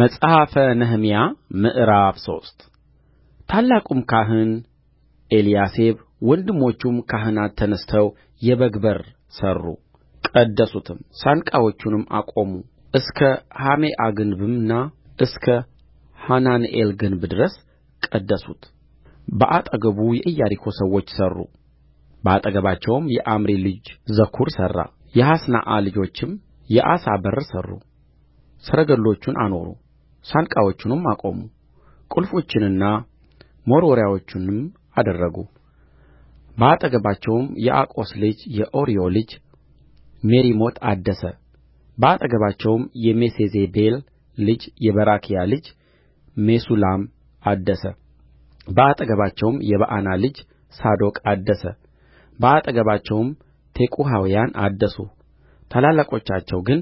መጽሐፈ ነህምያ ምዕራፍ ሶስት ታላቁም ካህን ኤልያሴብ ወንድሞቹም ካህናት ተነሥተው የበግ በር ሠሩ ቀደሱትም ሳንቃዎቹንም አቆሙ እስከ ሐሜአ ግንብና እስከ ሐናንኤል ግንብ ድረስ ቀደሱት በአጠገቡ የኢያሪኮ ሰዎች ሠሩ በአጠገባቸውም የአምሪ ልጅ ዘኩር ሠራ የሃስናአ ልጆችም የዓሣ በር ሠሩ ሰረገሎቹን አኖሩ ሳንቃዎቹንም አቆሙ ቍልፎቹንና መወርወሪያዎቹንም አደረጉ በአጠገባቸውም የአቆስ ልጅ የኦርዮ ልጅ ሜሪሞት አደሰ በአጠገባቸውም የሜሴዜቤል ልጅ የበራክያ ልጅ ሜሱላም አደሰ በአጠገባቸውም የበዓና ልጅ ሳዶቅ አደሰ በአጠገባቸውም ቴቁሐውያን አደሱ ታላላቆቻቸው ግን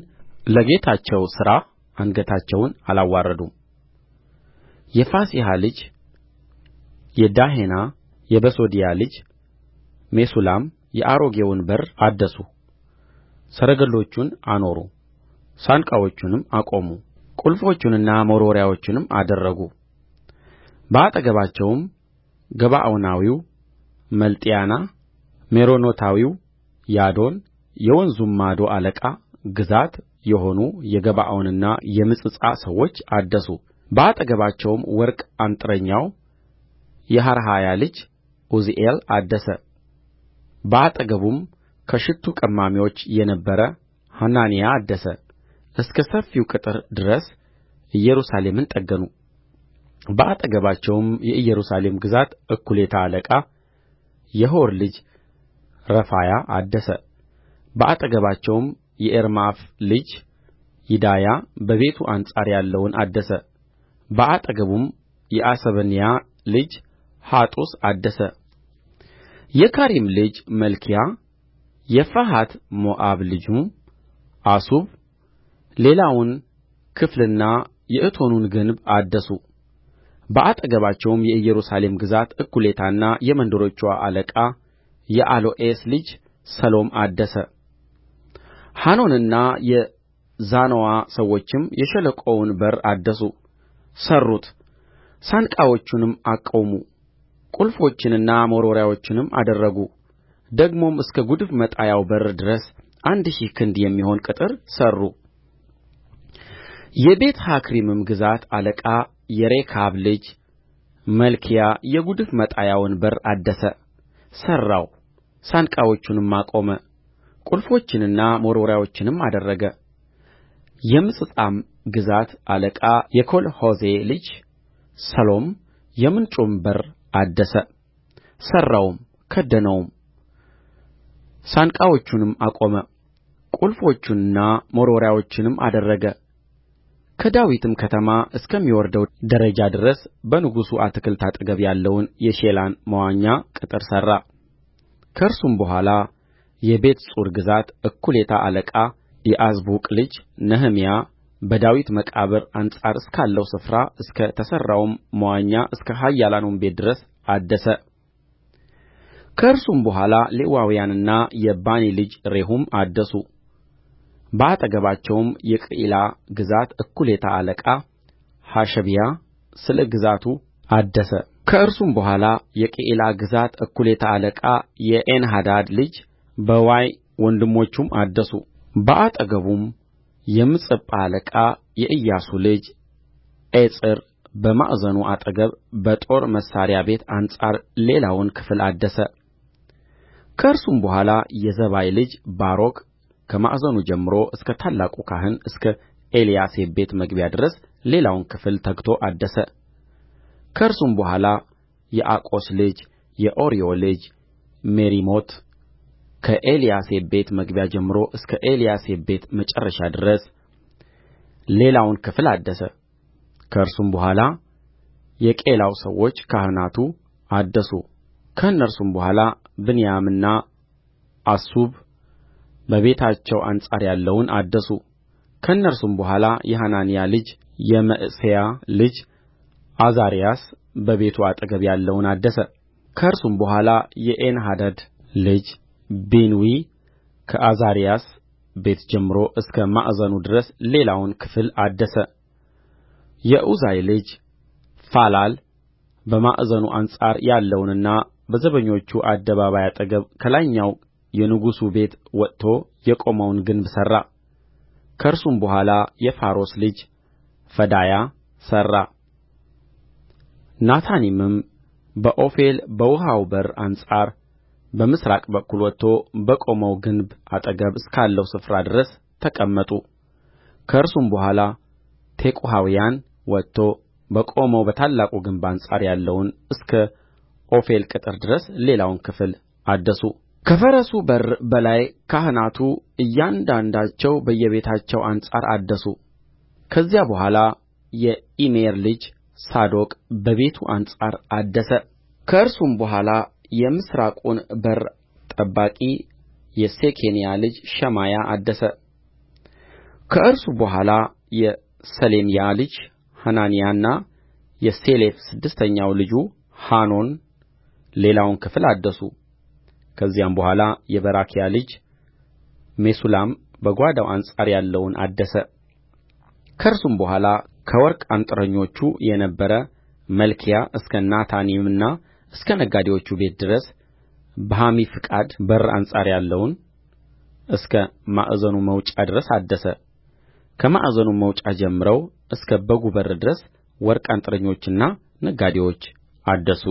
ለጌታቸው ሥራ አንገታቸውን አላዋረዱም የፋሴሐ ልጅ የዳሄና የበሶድያ ልጅ ሜሱላም የአሮጌውን በር አደሱ ሰረገሎቹን አኖሩ ሳንቃዎቹንም አቆሙ ቍልፎቹንና መወርወሪያዎቹንም አደረጉ በአጠገባቸውም ገባዖናዊው መልጥያና ሜሮኖታዊው ያዶን የወንዙም ማዶ አለቃ ግዛት የሆኑ የገባዖንና የምጽጳ ሰዎች አደሱ በአጠገባቸውም ወርቅ አንጥረኛው የሐርሃያ ልጅ ዑዝኤል አደሰ በአጠገቡም ከሽቱ ቀማሚዎች የነበረ ሐናንያ አደሰ እስከ ሰፊው ቅጥር ድረስ ኢየሩሳሌምን ጠገኑ በአጠገባቸውም የኢየሩሳሌም ግዛት እኵሌታ አለቃ የሆር ልጅ ረፋያ አደሰ በአጠገባቸውም የኤርማፍ ልጅ ይዳያ በቤቱ አንጻር ያለውን አደሰ በአጠገቡም የአሰበንያ ልጅ ሐጡስ አደሰ የካሪም ልጅ መልክያ የፈሐት ሞዓብ ልጅም አሱብ ሌላውን ክፍልና የእቶኑን ግንብ አደሱ በአጠገባቸውም የኢየሩሳሌም ግዛት እኵሌታና የመንደሮችዋ አለቃ የአሎኤስ ልጅ ሰሎም አደሰ ሐኖንና የዛኖዋ ሰዎችም የሸለቆውን በር አደሱ ሠሩት ሳንቃዎቹንም አቆሙ ቍልፎቹንና መወርወሪያዎቹንም አደረጉ ደግሞም እስከ ጕድፍ መጣያው በር ድረስ አንድ ሺህ ክንድ የሚሆን ቅጥር ሠሩ የቤትሐካሪምም ግዛት አለቃ የሬካብ ልጅ መልክያ የጕድፍ መጣያውን በር አደሰ ሠራው ሳንቃዎቹንም አቆመ ቍልፎቹንና መወርወሪያዎቹንም አደረገ የምጽጳም ግዛት አለቃ የኮልሖዜ ልጅ ሰሎም የምንጩን በር አደሰ ሠራውም ከደነውም ሳንቃዎቹንም አቆመ ቍልፎቹንና መወርወሪያዎቹንም አደረገ ከዳዊትም ከተማ እስከሚወርደው ደረጃ ድረስ በንጉሡ አትክልት አጠገብ ያለውን የሼላን መዋኛ ቅጥር ሠራ ከእርሱም በኋላ የቤትጹር ግዛት እኩሌታ አለቃ የዓዝቡቅ ልጅ ነህምያ በዳዊት መቃብር አንጻር እስካለው ስፍራ እስከ ተሠራውም መዋኛ እስከ ኃያላኑም ቤት ድረስ አደሰ ከእርሱም በኋላ ሌዋውያንና የባኒ ልጅ ሬሁም አደሱ በአጠገባቸውም የቅዒላ ግዛት እኩሌታ አለቃ ሐሸቢያ ስለ ግዛቱ አደሰ ከእርሱም በኋላ የቅዒላ ግዛት እኩሌታ አለቃ የኤንሐዳድ ልጅ በዋይ ወንድሞቹም አደሱ በአጠገቡም የምጽጳ አለቃ የኢያሱ ልጅ ኤጽር በማዕዘኑ አጠገብ በጦር መሣሪያ ቤት አንጻር ሌላውን ክፍል አደሰ ከእርሱም በኋላ የዘባይ ልጅ ባሮክ ከማዕዘኑ ጀምሮ እስከ ታላቁ ካህን እስከ ኤልያሴብ ቤት መግቢያ ድረስ ሌላውን ክፍል ተግቶ አደሰ ከእርሱም በኋላ የአቆስ ልጅ የኦርዮ ልጅ ሜሪሞት ከኤልያሴብ ቤት መግቢያ ጀምሮ እስከ ኤልያሴብ ቤት መጨረሻ ድረስ ሌላውን ክፍል አደሰ። ከእርሱም በኋላ የቄላው ሰዎች ካህናቱ አደሱ። ከእነርሱም በኋላ ብንያምና አሱብ በቤታቸው አንጻር ያለውን አደሱ። ከእነርሱም በኋላ የሐናንያ ልጅ የመዕሤያ ልጅ ዓዛርያስ በቤቱ አጠገብ ያለውን አደሰ። ከእርሱም በኋላ የኤንሐደድ ልጅ ቢንዊ ከዓዛርያስ ቤት ጀምሮ እስከ ማዕዘኑ ድረስ ሌላውን ክፍል አደሰ የኡዛይ ልጅ ፋላል በማዕዘኑ አንጻር ያለውንና በዘበኞቹ አደባባይ አጠገብ ከላይኛው የንጉሡ ቤት ወጥቶ የቆመውን ግንብ ሠራ ከእርሱም በኋላ የፋሮስ ልጅ ፈዳያ ሠራ ናታኒምም በዖፌል በውኃው በር አንጻር በምሥራቅ በኩል ወጥቶ በቆመው ግንብ አጠገብ እስካለው ስፍራ ድረስ ተቀመጡ ከእርሱም በኋላ ቴቁሐውያን ወጥቶ በቆመው በታላቁ ግንብ አንጻር ያለውን እስከ ዖፌል ቅጥር ድረስ ሌላውን ክፍል አደሱ ከፈረሱ በር በላይ ካህናቱ እያንዳንዳቸው በየቤታቸው አንጻር አደሱ ከዚያ በኋላ የኢሜር ልጅ ሳዶቅ በቤቱ አንጻር አደሰ ከእርሱም በኋላ የምሥራቁን በር ጠባቂ የሴኬንያ ልጅ ሸማያ አደሰ ከእርሱ በኋላ የሰሌምያ ልጅ ሐናንያና የሴሌፍ ስድስተኛው ልጁ ሐኖን ሌላውን ክፍል አደሱ። ከዚያም በኋላ የበራክያ ልጅ ሜሱላም በጓዳው አንጻር ያለውን አደሰ። ከእርሱም በኋላ ከወርቅ አንጥረኞቹ የነበረ መልክያ እስከ ናታኒምና እስከ ነጋዴዎቹ ቤት ድረስ በሐሚፍቃድ በር አንጻር ያለውን እስከ ማዕዘኑ መውጫ ድረስ አደሰ ከማዕዘኑም መውጫ ጀምረው እስከ በጉ በር ድረስ ወርቅ አንጥረኞችና ነጋዴዎች አደሱ